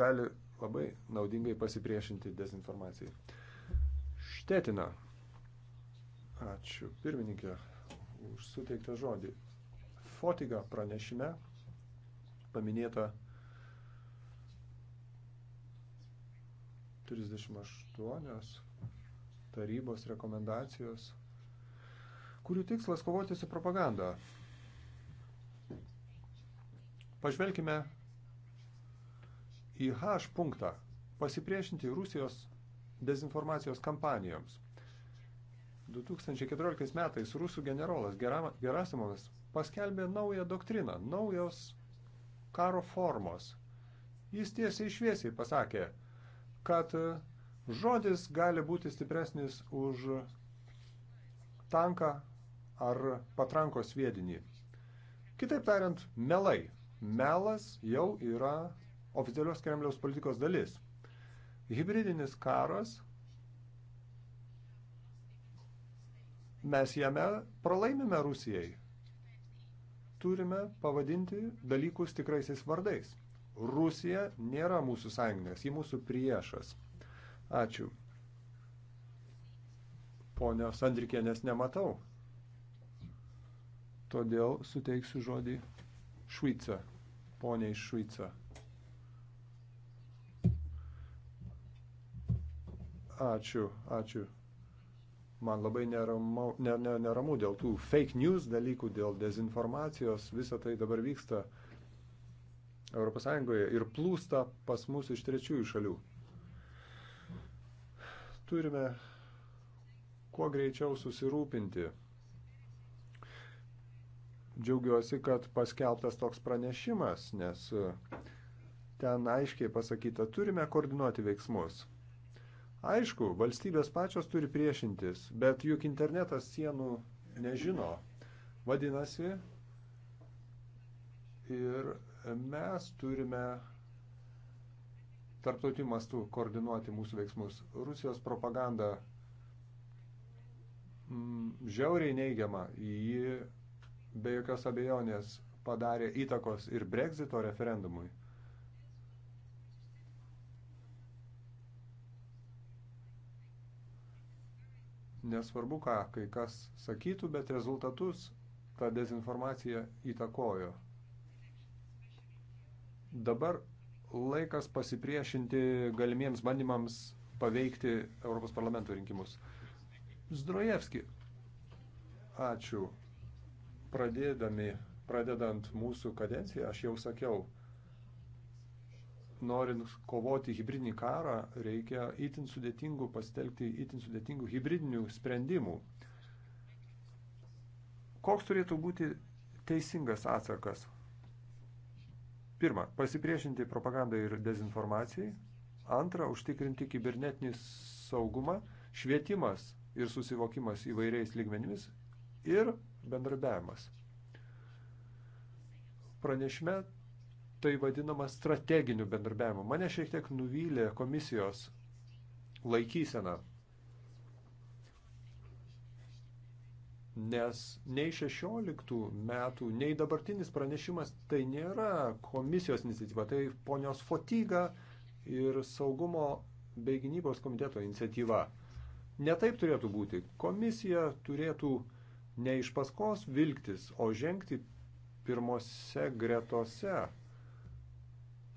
gali labai naudingai pasipriešinti dezinformacijai. Štetina. Ačiū pirmininkė už suteiktą žodį. Fotiga pranešime paminėta 38 tarybos rekomendacijos, kurių tikslas kovoti su propaganda. Pažvelkime į H punktą – pasipriešinti Rusijos dezinformacijos kampanijoms. 2014 metais rusų generolas Gerasimovas paskelbė naują doktriną, naujos karo formos. Jis tiesiai šviesiai pasakė, kad e, žodis gali būti stipresnis už tanką ar patrankos vėdinį. Kitaip tariant, melai. Melas jau yra oficialios Kremliaus politikos dalis. Hybridinis karas, mes jame pralaimime Rusijai turime pavadinti dalykus tikraisiais vardais. Rusija nėra mūsų sąjungininkas, ji mūsų priešas. Ačiū. Pone Sandrikienės nematau. Todėl suteiksiu žodį Šveica, ponia iš Šveica. Ačiū, ačiū. Man labai neramu, ne, ne, neramu dėl tų fake news dalykų, dėl dezinformacijos, visa tai dabar vyksta ES ir plūsta pas mus iš trečiųjų šalių. Turime kuo greičiau susirūpinti. Džiaugiuosi, kad paskelbtas toks pranešimas, nes ten aiškiai pasakyta, turime koordinuoti veiksmus. Aišku, valstybės pačios turi priešintis, bet juk internetas sienų nežino. Vadinasi, ir mes turime tarptautiniu mastu koordinuoti mūsų veiksmus. Rusijos propaganda mm, žiauriai neigiama. Ji be jokios abejonės padarė įtakos ir Brexito referendumui. nesvarbu ką kai kas sakytų, bet rezultatus ta dezinformacija įtakojo. Dabar laikas pasipriešinti galimiems bandymams paveikti Europos parlamento rinkimus. Zdrojevski, ačiū. Pradėdami, pradedant mūsų kadenciją, aš jau sakiau, norint kovoti hybridinį karą, reikia itin sudėtingų pastelgti, itin sudėtingų hybridinių sprendimų. Koks turėtų būti teisingas atsakas? Pirma, pasipriešinti propagandai ir dezinformacijai. Antra, užtikrinti kibernetinį saugumą, švietimas ir susivokimas įvairiais lygmenimis ir bendradarbiavimas. Pranešime tai vadinama strateginiu bendarbiavimu. Mane šiek tiek nuvylė komisijos laikysena. Nes nei 16 metų, nei dabartinis pranešimas tai nėra komisijos iniciatyva, tai ponios Fotyga ir saugumo bei gynybos komiteto iniciatyva. Netaip turėtų būti. Komisija turėtų ne iš paskos vilktis, o žengti pirmose gretose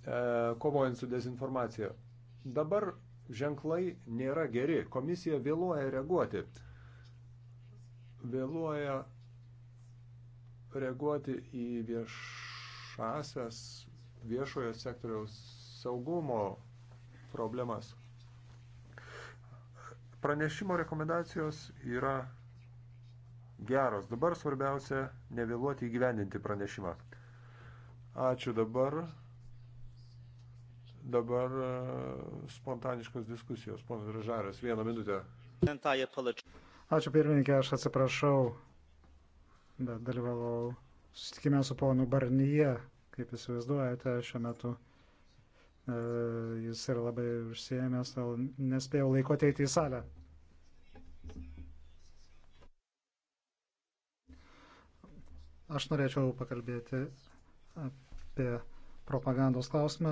E, kovojant su dezinformacija. Dabar ženklai nėra geri. Komisija vėluoja reaguoti. Vėluoja reaguoti į viešasias, viešojo sektoriaus saugumo problemas. Pranešimo rekomendacijos yra geros. Dabar svarbiausia nevėluoti įgyvendinti pranešimą. Ačiū dabar. Dabar e, spontaniškos diskusijos. Ponas Ražaras, vieną minutę. Ačiū pirmininkė, aš atsiprašau, bet dalyvavau susitikime su ponu Barnyje, kaip įsivaizduojate, šiuo metu e, jis yra labai užsiemęs, nespėjau laiko ateiti į salę. Aš norėčiau pakalbėti apie propagandos klausimą.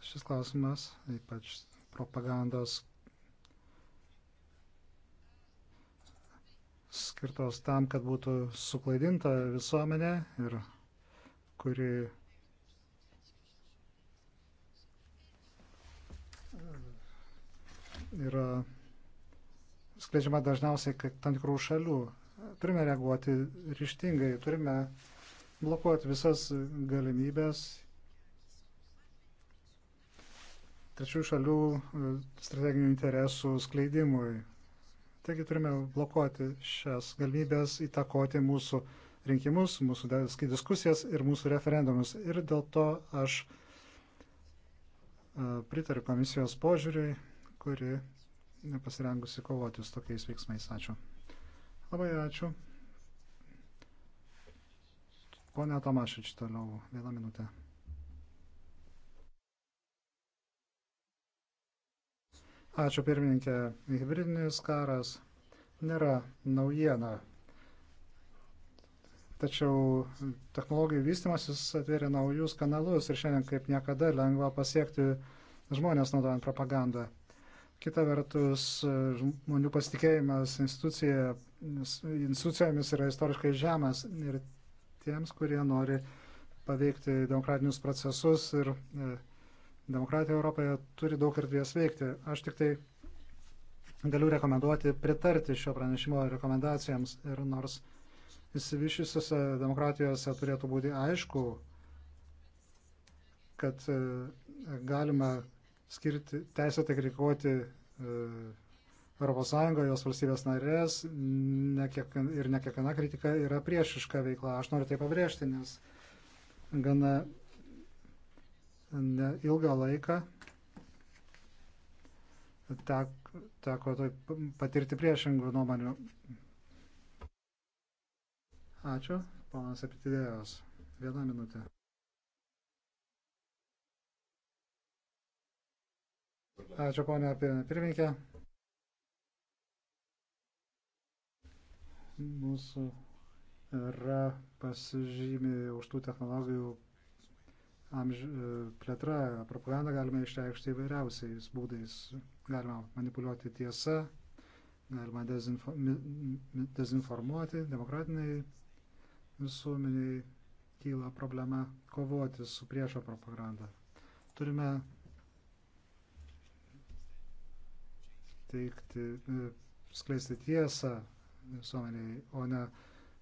Šis klausimas, ypač propagandos skirtos tam, kad būtų suklaidinta visuomenė ir kuri yra skleidžiama dažniausiai kaip tam tikrų šalių. Turime reaguoti ryštingai, turime blokuoti visas galimybės trečių šalių e, strateginių interesų skleidimui. Taigi turime blokuoti šias galimybės įtakoti mūsų rinkimus, mūsų diskusijas ir mūsų referendumus. Ir dėl to aš e, pritariu komisijos požiūriui, kuri nepasirengusi kovoti su tokiais veiksmais. Ačiū. Labai ačiū. Pone Tomašič, toliau vieną minutę. Ačiū pirmininkė. Hybridinis karas nėra naujiena. Tačiau technologijų vystimasis atvėrė naujus kanalus ir šiandien kaip niekada lengva pasiekti žmonės naudojant propagandą. Kita vertus, žmonių pasitikėjimas institucija, institucijomis yra istoriškai žemas ir tiems, kurie nori paveikti demokratinius procesus ir e, Demokratija Europoje turi daug erdvės veikti. Aš tik tai galiu rekomenduoti pritarti šio pranešimo rekomendacijams ir nors įsivyšiusiuose demokratijose turėtų būti aišku, kad e, galima skirti teisę tai kritikuoti ES, jos valstybės narės ne kiekvien, ir ne kiekviena kritika yra priešiška veikla. Aš noriu tai pabrėžti, nes gana ne ilgą laiką teko, teko tai patirti priešingų nuomonių. Ačiū, ponas Epitidėjos. Vieną minutę. Ačiū, ponia pirmininkė. Mūsų yra pasižymė už tų technologijų amž... E, plėtra, propagandą galime išreikšti įvairiausiais būdais. Galima manipuliuoti tiesą, galima dezinfo, dezinformuoti, demokratiniai visuomeniai kyla problema kovoti su priešo propaganda. Turime teikti, e, skleisti tiesą visuomeniai, o ne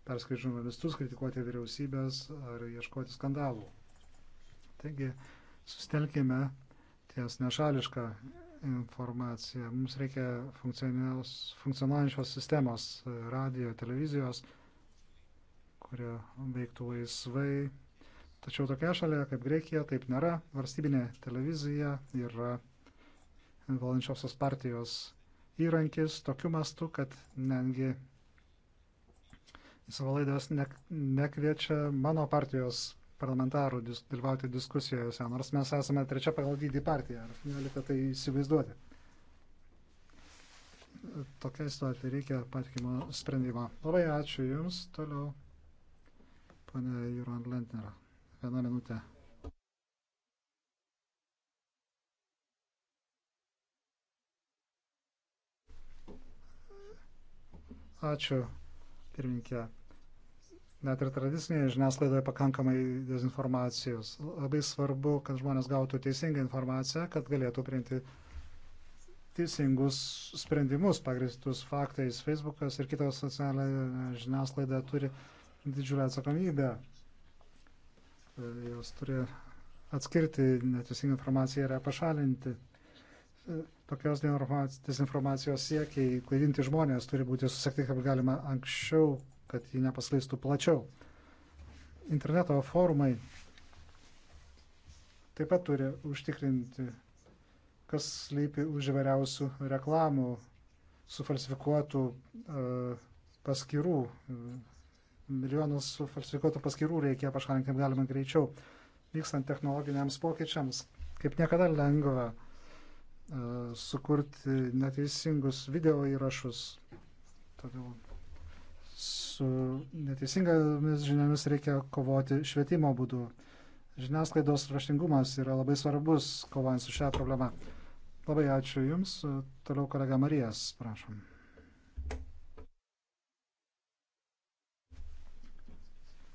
perskaičiuojant žurnalistus, kritikuoti vyriausybės ar ieškoti skandalų. Taigi, sustelkime ties nešališką informaciją. Mums reikia funkcionuojančios sistemos radio, televizijos, kurie veiktų laisvai. Tačiau tokia šalia kaip Greikija taip nėra. Varstybinė televizija yra valdančiosios partijos įrankis tokiu mastu, kad netgi į savo laidas ne, nekviečia mano partijos parlamentarų dis, dalyvauti diskusijose, nors mes esame trečia pagal dydį partija, ar galite tai įsivaizduoti. Tokia situacija reikia patikimo sprendimo. Labai ačiū Jums. Toliau, ponė Jūron Lentner. Viena minutė. Ačiū, pirmininkė net ir tradicinėje žiniasklaidoje pakankamai dezinformacijos. Labai svarbu, kad žmonės gautų teisingą informaciją, kad galėtų priimti teisingus sprendimus pagristus faktais. Facebookas ir kitos socialinė žiniasklaida turi didžiulę atsakomybę. Jos turi atskirti neteisingą informaciją ir ją pašalinti. Tokios dezinformacijos siekiai klaidinti žmonės turi būti susekti, kaip galima anksčiau kad ji nepaskleistų plačiau. Interneto forumai taip pat turi užtikrinti, kas slypi už įvairiausių reklamų, sufalsifikuotų uh, e, paskirų. Milijonus sufalsifikuotų paskirų reikia pašalinti kaip galima greičiau, vykstant technologiniams pokyčiams. Kaip niekada lengva uh, sukurti neteisingus video įrašus. Todėl su neteisingomis žiniomis reikia kovoti švietimo būdu. Žiniasklaidos raštingumas yra labai svarbus kovant su šią problemą. Labai ačiū Jums. Toliau kolega Marijas, prašom.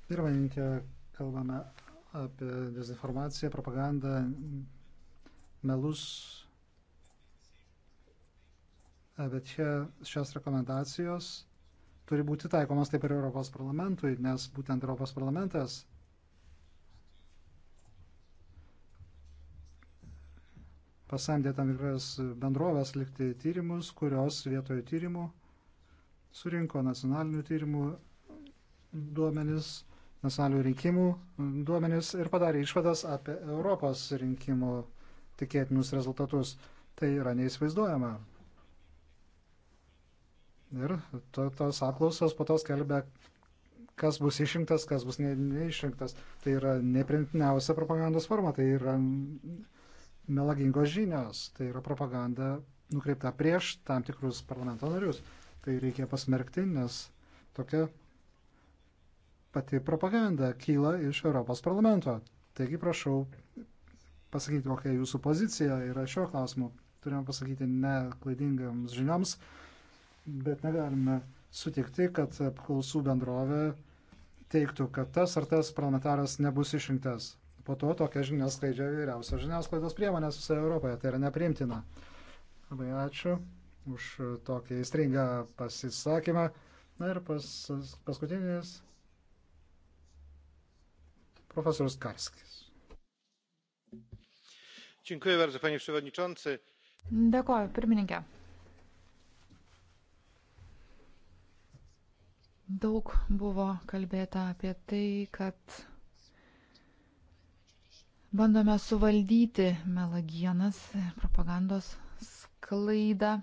Pirmininkė, kalbame apie dezinformaciją, propagandą, melus. Bet čia šios rekomendacijos turi būti taikomas taip ir Europos parlamentui, nes būtent Europos parlamentas pasamdė tam tikras bendrovės likti tyrimus, kurios vietoje tyrimų surinko nacionalinių tyrimų duomenis, nacionalinių rinkimų duomenis ir padarė išvadas apie Europos rinkimų tikėtinus rezultatus. Tai yra neįsivaizduojama. Ir to, tos apklausos po to skelbia, kas bus išrinktas, kas bus ne, neišrinktas. Tai yra neprintiniausia propagandos forma, tai yra melagingos žinios, tai yra propaganda nukreipta prieš tam tikrus parlamento narius. Tai reikia pasmerkti, nes tokia pati propaganda kyla iš Europos parlamento. Taigi prašau pasakyti, kokia jūsų pozicija yra šiuo klausimu. Turime pasakyti ne klaidingams žinioms, bet negalime sutikti, kad apklausų bendrovė teiktų, kad tas ar tas parlamentaras nebus išrinktas. Po to tokia žinia skleidžia vyriausios žiniasklaidos priemonės visoje Europoje. Tai yra neprimtina. Labai ačiū už tokį įstringą pasisakymą. Na ir pas, paskutinis profesorius Karskis. Dziękuję bardzo, panie przewodniczący. Dėkoju, pirmininkė. Daug buvo kalbėta apie tai, kad bandome suvaldyti melagienas, propagandos sklaidą.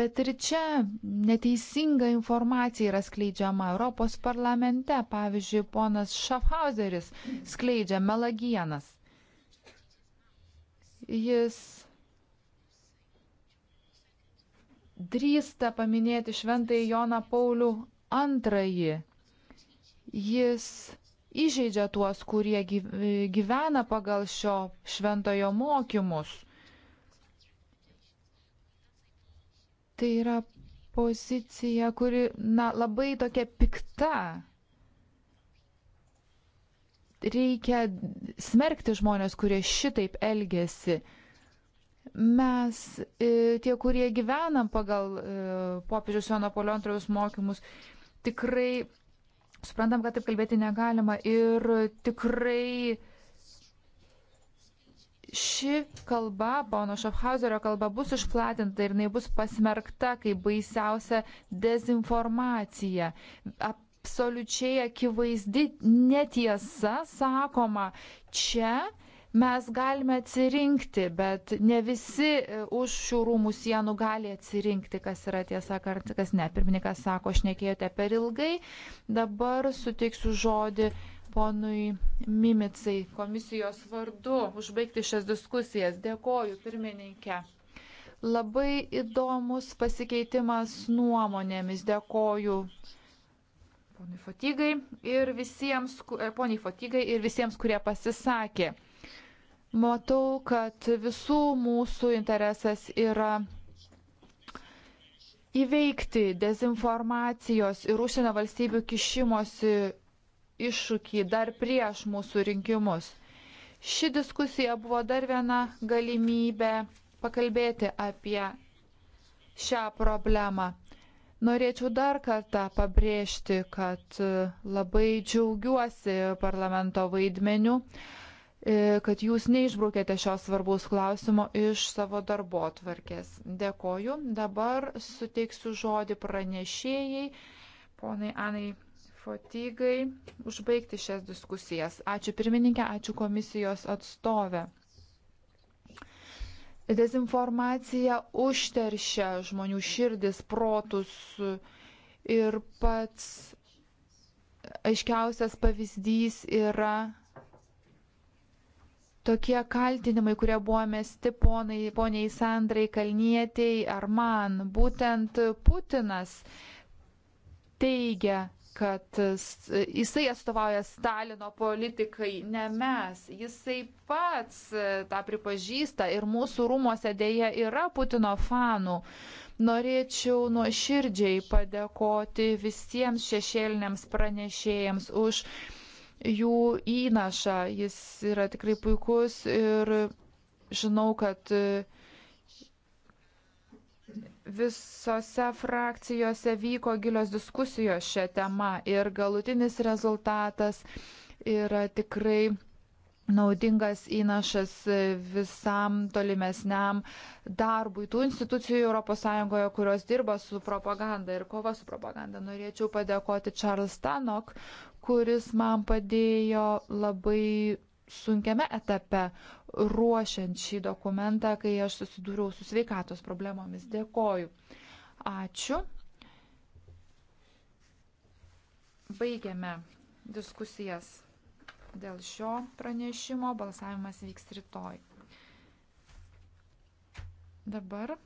Bet ir čia neteisinga informacija yra skleidžiama Europos parlamente. Pavyzdžiui, ponas Schaffhauseris skleidžia melagienas. Jis drįsta paminėti šventąjį Joną Paulių II. Jis įžeidžia tuos, kurie gyvena pagal šio šventojo mokymus. Tai yra pozicija, kuri na, labai tokia pikta. Reikia smerkti žmonės, kurie šitaip elgesi. Mes, e, tie, kurie gyvenam pagal e, popiežius Jono Polio antrojus mokymus, tikrai suprantam, kad taip kalbėti negalima ir tikrai ši kalba, Bono Šafhauserio kalba, bus išplatinta ir jinai bus pasmerkta kaip baisiausia dezinformacija. Absoliučiai akivaizdi netiesa sakoma čia mes galime atsirinkti, bet ne visi e, už šių rūmų sienų gali atsirinkti, kas yra tiesa, kas ne. Pirmininkas sako, aš nekėjote per ilgai, dabar suteiksiu žodį ponui Mimicai komisijos vardu užbaigti šias diskusijas. Dėkoju, pirmininkė. Labai įdomus pasikeitimas nuomonėmis. Dėkoju Poniai Fotygai ir visiems, e, poniai Fotygai ir visiems, kurie pasisakė. Matau, kad visų mūsų interesas yra įveikti dezinformacijos ir užsienio valstybių kišimosi iššūkį dar prieš mūsų rinkimus. Ši diskusija buvo dar viena galimybė pakalbėti apie šią problemą. Norėčiau dar kartą pabrėžti, kad labai džiaugiuosi parlamento vaidmeniu. E, kad jūs neišbraukėte šios svarbaus klausimo iš savo darbo tvarkės. Dėkoju. Dabar suteiksiu žodį pranešėjai, ponai Anai Fotygai, užbaigti šias diskusijas. Ačiū pirmininkė, ačiū komisijos atstovė. Dezinformacija užteršia žmonių širdis, protus ir pats aiškiausias pavyzdys yra tokie kaltinimai, kurie buvo mesti ponai, poniai Sandrai Kalnietiai ar man, būtent Putinas teigia, kad jisai atstovauja Stalino politikai, ne mes. Jisai pats e, tą pripažįsta ir mūsų rūmose dėja yra Putino fanų. Norėčiau nuoširdžiai padėkoti visiems šešėliniams pranešėjams už uh, jų įnašą. Jis yra tikrai puikus ir žinau, kad e, visose frakcijose vyko gilios diskusijos šią temą ir galutinis rezultatas yra tikrai naudingas įnašas visam tolimesniam darbui tų institucijų ES, kurios dirba su propaganda ir kova su propaganda. Norėčiau padėkoti Charles Tanok, kuris man padėjo labai sunkiame etape ruošiant šį dokumentą, kai aš susidūriau su sveikatos problemomis. Dėkoju. Ačiū. Baigiame diskusijas. Dėl šio pranešimo balsavimas vyks rytoj. Dabar